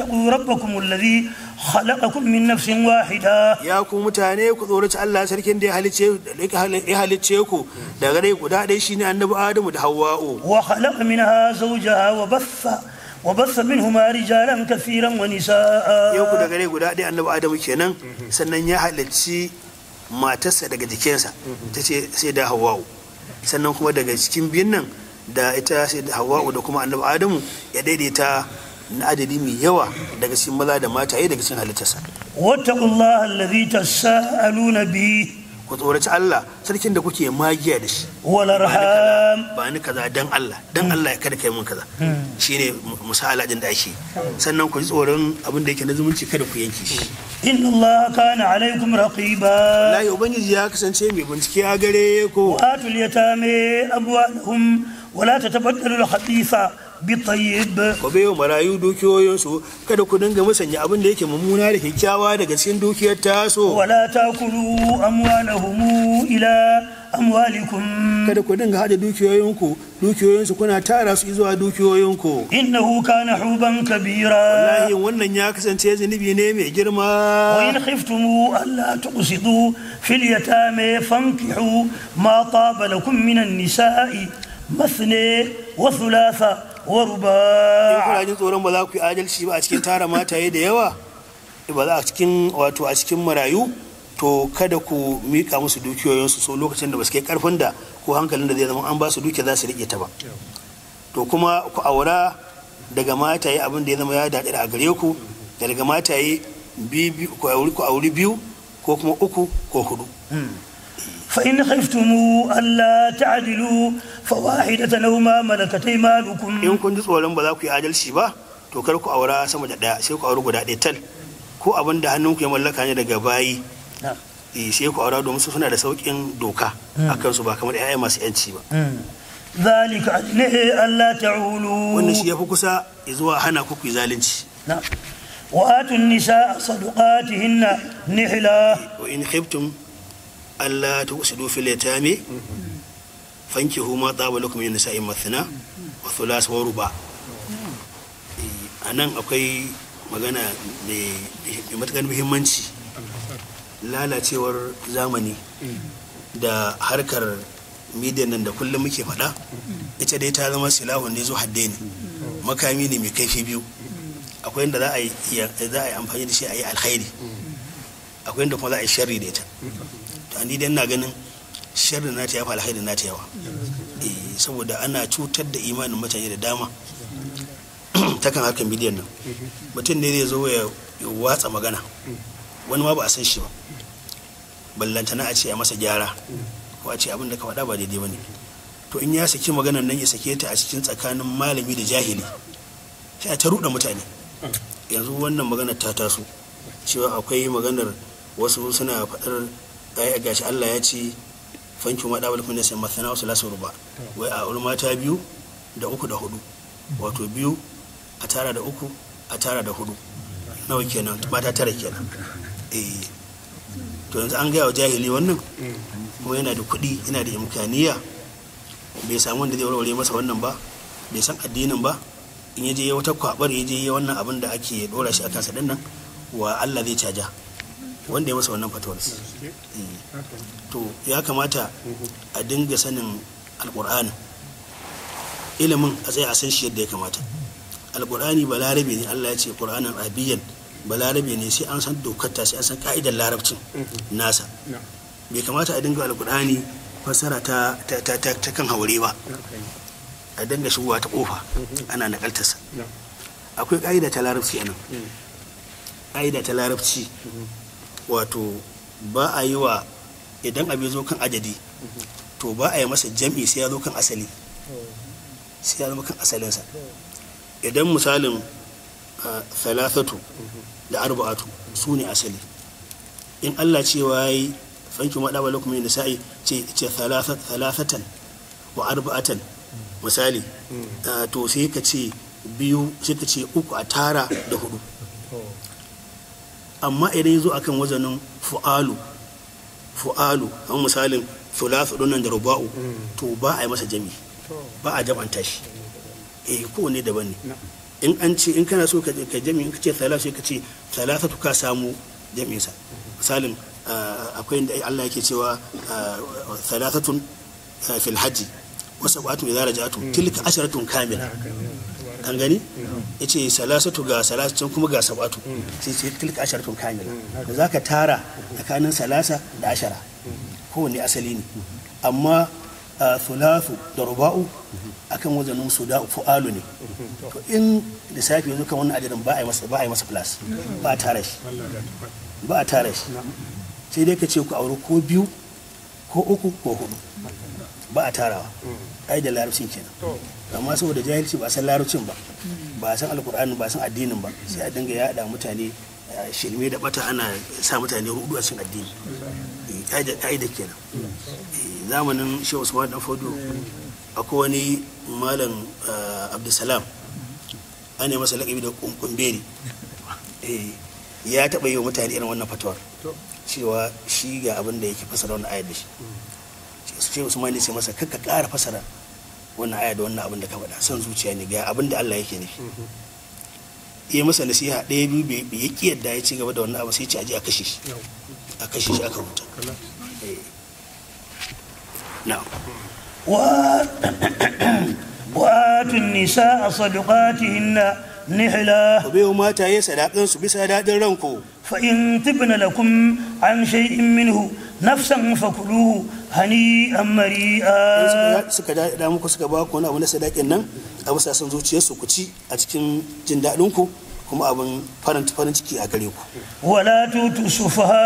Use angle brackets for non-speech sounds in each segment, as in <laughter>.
wattaqu rabbakum alladhi khalaqakum min nafsin wahida ya ku mutane ku tsoraci Allah sarkin da ya halice ya halice ku daga dai guda dai shine annabi Adamu da Hawwa'u wa khalaqa minha zawjaha wa bassa وبث منهما رجالا كثيرا ونساء يوكو daga rai guda dai annabi adamu kenan sannan ya halarci matarsa daga jikinsa ta ce sai da hawa'u sannan kuma daga cikin biyan nan da ita sai da hawa'u da kuma annabi adamu ya daidaita na adadi mai yawa daga cikin maza da mata yi daga cikin halittarsa Wata wattaqullaha allazi nuna bi ku tsoraci Allah sarkin da kuke magiya da shi wal arham ba ni kaza dan Allah dan hmm. Allah ya kada kai mun kaza hmm. shine misala din da ake sannan ku ji tsoron abin da yake na zumunci kada ku yanke shi inna Allah kana alaikum raqiba wallahi ubangiji ya kasance mai bincike a gare ku atul yatame abwalhum wala tatabaddalu al ko bai yi marayu dukiyoyinsu kada ku dinga musanya abin da yake mummuna da kyakkyawa daga cikin dukiyar taso wala takulu amwalahum ila amwalikum kada ku dinga hada dukiyoyinku dukiyoyinsu kuna tara su zuwa dukiyoyinku innahu kana huban kabira wallahi wannan ya kasance zunubi ne mai girma wa in khiftum alla tuqsidu fil yatama fankihu ma taba lakum minan nisa'i مثني وثلاثة wa in kuna jin tsoron ba za ku yi adalci ba a cikin tara mataye da yawa eh, ba za a cikin wato a cikin marayu to kada ku mika musu dukiyoyinsu so lokacin da ba su kai karfin da ko hankalin da zai zama an ba su dukiya za su rike ta ba to kuma ku aura daga mataye abin da ya zama ya daɗe a gare ku daga mataye ku auri biyu ko kuma uku ko hudu hmm. فإن خفتم ألا تعدلوا فواحدة أو ما ملكت أيمانكم إن كنت tsoron ba za ku yi adalci ba to kar ku aura sama da ɗaya sai ku auri guda ɗaya tal ko abin da hannunku ya mallaka ne daga bayi eh, sai ku aura domin suna da sauƙin doka hmm. a ba kamar 'ya'ya masu 'yanci ba hmm. zalika adlihi alla ta'ulu wannan shi yafi kusa zuwa hana ku zalunci wa atun nisa sadaqatihinna nihla hinna eh, in khiftum Allah ta wasu dufi laitame fanki huma tsaba lakum yin nisa'in mathina wa thulas wa ruba a nan akwai magana mai matakan muhimmanci lalacewar zamani da harkar midiyan nan da kullum muke faɗa ita dai ta zama silahun ne zo hadde ne makami ne mai kaifi biyu akwai inda za a yi amfani da shi a yi alkhairi akwai inda kuma za a yi sharri da ita ni dai ina ganin sharrin nata ya fi alhairin nata yawa eh, saboda ana cutar da imanin mutane da dama <clears throat> takan harkar bidiyon nan mutum ne zai zo ya watsa magana wani ma ba a san shi ba ballantana a ce a masa gyara ko a ce abin da ka faɗa ba daidai ba ne to in ya saki maganar nan ya sake ta a cikin tsakanin malami da jahili sai ta ruɗa mutane yanzu wannan maganar ta taso cewa akwai maganar wasu suna faɗar gashi Allah ya ce fankin wada wal kuma sai masana wasu lasu ruba wai a ulma mata biyu da uku da hudu wato biyu a tara da uku a tara da hudu nawa kenan mata tara kenan eh to yanzu an gaya wa jahili wannan kuma yana da kuɗi yana da imkaniya bai samu wanda zai warware masa wannan ba bai san addinin ba in yaje ya wata kwabar yaje ya wannan abin da ake dora shi a kansa dinnan wa Allah zai caja wanda ya masa wannan fatawar to ya kamata a dinga sanin alkur'ani ilimin a tsaye a san shi yadda ya kamata alkur'ani ba larabe ne allah ya ce kuranin abiyan ba larabe ne sai an san dokar ta sai an san ka'idar larabcin nasa bai kamata a dinga alkur'ani fassara ta kan haure ba a dinga shigowa ta kofa ana nakaltarsa akwai ka'ida ta larabci anan ka'ida ta larabci wato ba a yi wa idan abu zo kan ajadi to ba a yi masa jam'i sai ya zo kan asali sai ya zama kan asalinsa idan misalin thalathatu da arba'atu su ne asali in Allah cewa ya yi fanki waɗa wani kuma da ce ce thalathatan wa arba'atan misali to sai ka ce biyu sai ka ce uku a tara da hudu amma idan ya zo akan wazanin fu'alu fu'alu a misalin thulathu dunan da ruba'u mm. to ba a yi masa jami ba a jabanta shi eh ne daban ne in an ce in kana so ka jami in ka ce thalathu ka ce thalathatu ka samu jami'in sa misalin ah, akwai inda Allah yake cewa ah, thalathatun ah, fil hajji wasu ba'atun idza raja'atun mm. tilka asharatun kamila an gani mm-hmm. ya ce salasatu ga salasatu kuma ga sabatu mm-hmm. sai ce tilka asharatun kamila da mm-hmm. za ka tara tsakanin salasa da ashara kowane asali ne amma thulathu da ruba'u akan wazanin su da fu'alu ne to in lissafi yanzu kan wannan adadin ba a yi masa ba a yi masa plus ba a tara shi ba a tara shi sai dai ka ce ku auri ko biyu ko uku ko hudu ba a tarawa ai da larabcin kenan amma saboda jahilci ba san larucin ba ba san alkur'ani ba san addinin ba sai a dinga yada mutane eh, shirme da bata ana sa mutane hudu a cikin addini ka'ida eh, kenan eh, zamanin shehu usman dan fodo akwai wani malam abdulsalam ana masa laƙabi da kumkumberi ya taɓa yi wa mutane irin wannan fatuwar cewa shi ga abin da yake fasara wannan ayar da shi shehu usman ne sai masa kakka ƙara fasara wannan aya da wannan abin da ka faɗa son zuciya ne gaya abin da Allah yake nufi yi masa nasiha ɗaya biyu bai ya ƙi yadda ya ci gaba da wannan abu sai ci aji a kashe shi a kashe shi aka huta Watun eh. nisa a sadukati inna nihila ku bai mata ya sadakan su bisa daɗin ranko. fa in tibina lakum an shay'in minhu nafsan fakuruhu hani an a suka da muku suka ba ku wani abu na sadakin nan a bisa son su ku ci a cikin jin daɗin ku kuma abin farin farin ciki a gare ku wala tutu sufaha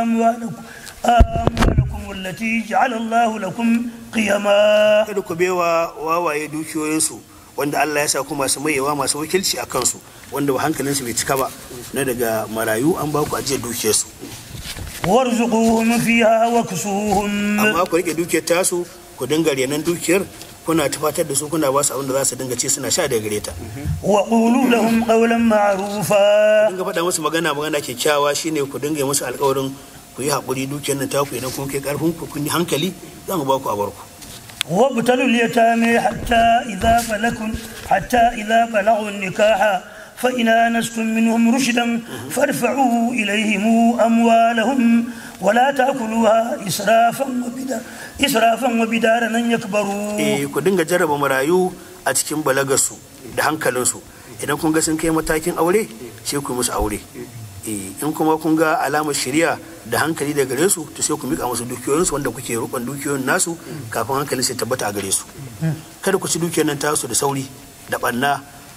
amwalakum amwalakum allati ja'ala Allahu lakum qiyama kada ku bewa wawaye dukiyoyinsu wanda Allah ya sa ku masu mayewa masu wakilci a kansu wanda ba su bai cika ba na daga marayu an ba ku ajiyar dukiyarsu warzuquhum fiha waksuhum amma ku rike dukiyar tasu ku dinga renan dukiyar kuna tufatar da su kuna ba su abin da za su dinga ci suna sha da gare ta wa qulu lahum qawlan ma'rufa dinga faɗa musu magana magana kyakkyawa shine ku dinga musu alƙawarin ku yi haƙuri dukiyar nan taku idan kun kai ƙarfin ku kun hankali za mu ba ku a barku وابتلوا اليتامى حتى إذا بلغوا حتى إذا بلغوا فإن آنستم منهم رشدا فارفعوا إليهم أموالهم ولا تأكلوها إسرافا وبدارا إسرافا وبدارا أن يكبروا إيه كدنجا جرب مرايو أتكين بلغسو دهان كالنسو idan kun ga sun kai matakin aure sai ku musu aure eh, in kuma kun ga alamar shiriya da hankali da gare su to sai ku mika musu dukiyoyinsu wanda kuke rukun dukiyoyin nasu kafin hankalin sai tabbata a gare su kada ku ci dukiyoyin nan tasu da sauri da ɓanna.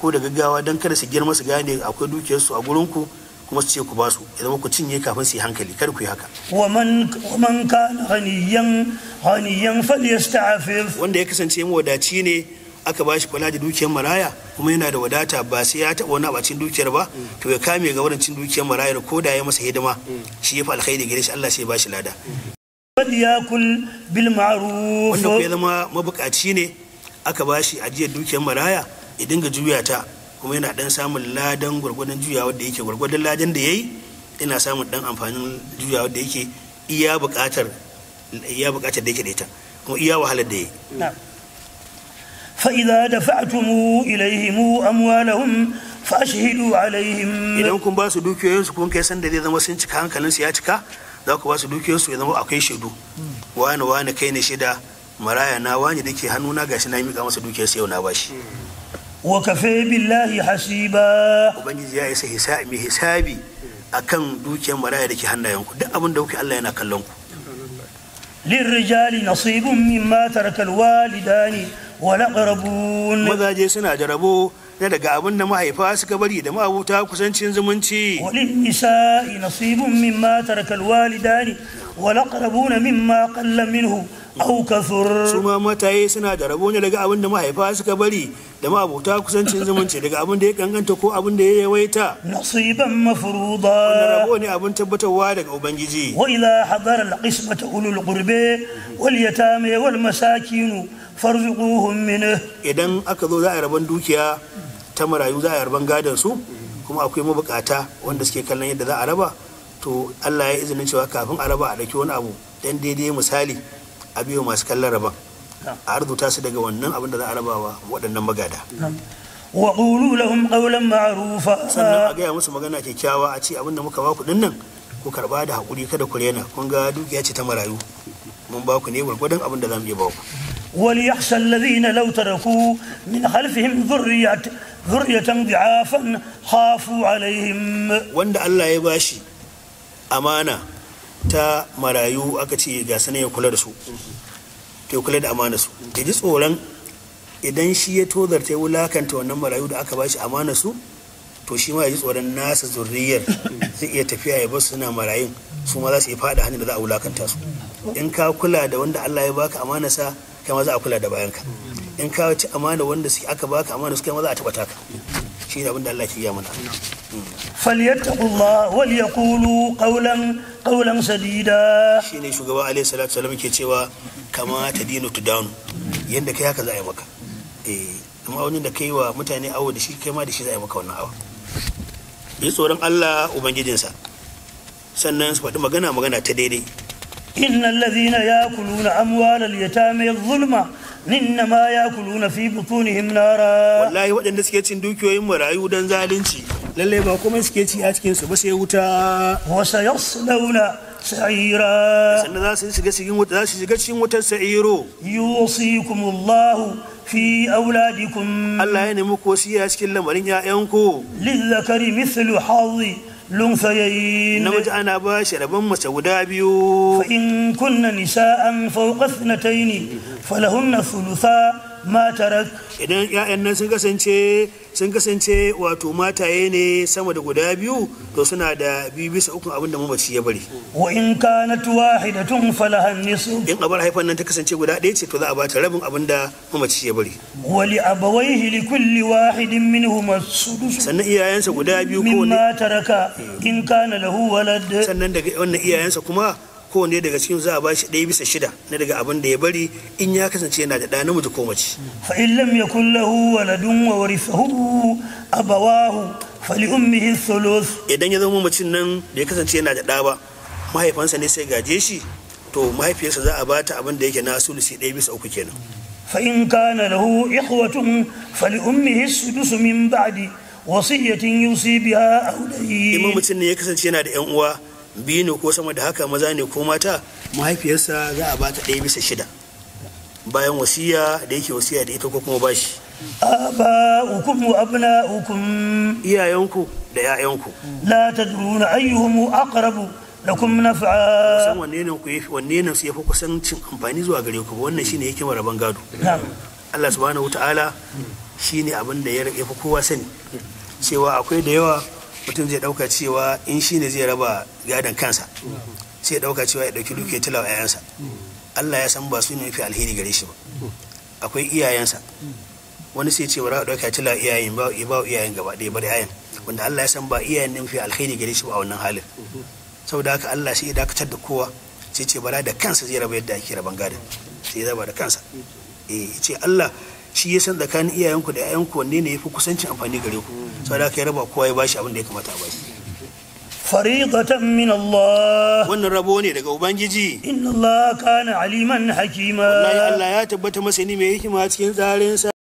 ko da gaggawa don kada su girma su gane akwai dukiyarsu a gurinku kuma su ce ku ba su ya zama ku cinye kafin su yi hankali kar ku yi haka waman wanda ya kasance mu wadaci ne aka ba shi kula da dukiyar maraya kuma yana da wadata ba sai ya taɓa wani abacin dukiyar ba to ya kame ga wurin cin dukiyar marayar ko da ya masa hidima shi ya fi alkhairi gare shi Allah sai ya ba shi lada bil ma'ruf wanda ya zama mabukaci ne aka ba shi ajiyar dukiyar maraya ya dinga juya ta kuma yana dan samun ladan gwargwadon juyawa da yake gwargwadon ladan da yayi yana samun dan amfanin juyawa da yake iya buƙatar iya buƙatar da yake da ita kuma iya wahalar da yayi da fa'atumu إليهم amwalahum فأشهدوا عليهم idan kun ba su dukiyoyinsu kun kai san da zai zama sun cika hankalinsu ya cika za ku ba su dukiyoyinsu ya zama akwai shaidu wani wani kai ne shida maraya na wani da ke hannuna gashi na miƙa masa dukiyarsa yau na bashi wa kafe billahi hasiba ubangiji ya isa hisabi hisabi akan dukiyar maraya da ke hannayenku duk abin da Allah yana kallon ku للرجال نصيب مما ترك الوالدان والأقربون mazaje suna da rabo na daga abin da mahaifa suka bari da ma'abuta kusancin zumunci walin nisa'i nasibun mimma taraka alwalidani na aqrabuna au kasur su ma mataye suna da rabo ne daga abin da mahaifa suka bari da ma abota kusancin zumunci daga abin da ya kankanta ko abin da ya yawaita nasiban mafruda rabo ne abin tabbatarwa daga ubangiji wa ila hadara alqismat ulul qurbi wal yatama wal masakin farzuquhum minhu idan aka zo za a rabon dukiya ta marayu za a rabon gadan su kuma akwai mabukata wanda suke kallon yadda za a raba to Allah ya izinin cewa kafin a raba a dake wani abu dan daidai misali a biyo masu kallon rabon a rubuta su daga wannan abin da za a rabawa waɗannan magada wa qulu lahum qawlan ma'rufa sannan a gaya musu magana kyakkyawa a ce abin da muka ba ku ɗin nan ku karɓa da hakuri kada ku rena kun ga dukiya ce ta marayu mun ba ku ne gwargwadon abin da za mu iya ba ku وليخشى الذين لو تركوا من خلفهم ذرية ذرية ضعافا خافوا عليهم وند الله يباشي أمانة ta marayu aka ce ga sanin ya kula da su to kula da amana su ya ji tsoron idan shi ya tozarta ya wulakanta wannan marayu da aka ba shi amana su to shi ma ya ji tsoron nasa zurriyar zai iya tafiya ya basu suna marayun su ma za su iya fada hannun da za a wulakanta su in ka kula da wanda Allah ya baka amana sa kai ma za a kula da bayanka in ka ci amana wanda aka baka amana su kai ma za a taɓa taka shi ne abinda Allah shi ya mana falyattaqullah wal yaqulu qawlan qawlan sadida shine shugaba alaihi salatu wasallam ke cewa kama ta to down yanda kai haka za a yi maka eh amma wani da kai wa mutane awo da shi kai ma da shi za a yi maka wannan awa yi tsoron Allah ubangijinsa sannan su faɗi magana magana ta daidai innal ladhina yakuluna amwalal yatama zulma kulu na fi butunihim nara wallahi waɗanda suke cin dukiyoyin marayu don zalunci lallai ba komai suke ci a cikin su ba sai wuta wa sayaslawna sa'ira sannan za su shiga cikin wuta za su shiga cikin wutar sa'iro yusikumullahu fi auladikum Allah ya nemi ku wasiya cikin lamarin ya'yanku lil zakari mithlu hadhi na namiji ana ba shi rabon mace guda biyu fa in kunna nisa'an fawqa ithnatayn falahunna thulutha matarak idan 'ya'yan nan sun kasance sun kasance wato mataye ne sama da guda biyu to suna da biyu bisa uku abin da mamaci ya bari wa in kanat wahidatun falahan nisu in abar haifan nan ta kasance guda ɗaya ce to za a bata rabin abin da mamaci ya bari wali abawaihi li kulli wahidin as sudus sannan iyayensa guda biyu ko ne mataraka in kana lahu walad sannan daga wannan iyayensa kuma kowanne daga cikin za a ba shi ɗaya bisa shida na daga abin da ya bari in ya kasance yana da ɗa namiji ko mace fa in lam yakun lahu Ladun wa warithahu abawahu fali ummihi thuluth idan ya zama mace nan da ya kasance yana da ɗa ba mahaifansa ne sai gaje shi to mahaifiyarsa za a ba ta abin da yake na sulusi ɗaya bisa uku kenan fa in kana lahu ikhwatun fali ummihi sudusu min ba'di wasiyatin yusi biha aw dayn imam mutum ne ya kasance yana da yan uwa biyu ne ko sama da haka maza ne ko mata mahaifiyarsa za a ba ta ɗaya bisa shida bayan wasiya da yake wasiya da ita ko kuma bashi aba ukum wa abna hukum iyayenku da yayanku la tadruna ayyuhum aqrabu lakum naf'a san wanne ne ku yafi wanne ne su yafi kusancin amfani zuwa gare ku wannan shine yake maraban gado Allah subhanahu wataala shine abin da ya fi kowa sani cewa akwai da yawa mutum zai dauka cewa in shi ne zai raba gadon kansa sai dauka cewa ya dauki duke wa yayansa Allah ya san ba su ne fi alheri gare shi ba akwai iyayensa wani sai ce wara dauka tila iyayen ba ba iyayen gaba ɗaya bari ayan wanda Allah ya san ba iyayen ne fi alheri gare shi ba a wannan halin saboda haka Allah sai ya dakatar da kowa sai ce bara da kansa zai raba yadda ake raban gadon sai ya raba da kansa eh ce Allah shi ya san tsakanin iyayenku da yayanku wanne ne fi kusancin amfani gare ku saboda ka raba kowa ya bashi abin da ya kamata a bashi fariqatan min Allah wannan rabo ne daga ubangiji inna Allah kana aliman hakima wallahi Allah ya tabbata masani mai hikima cikin tsarin sa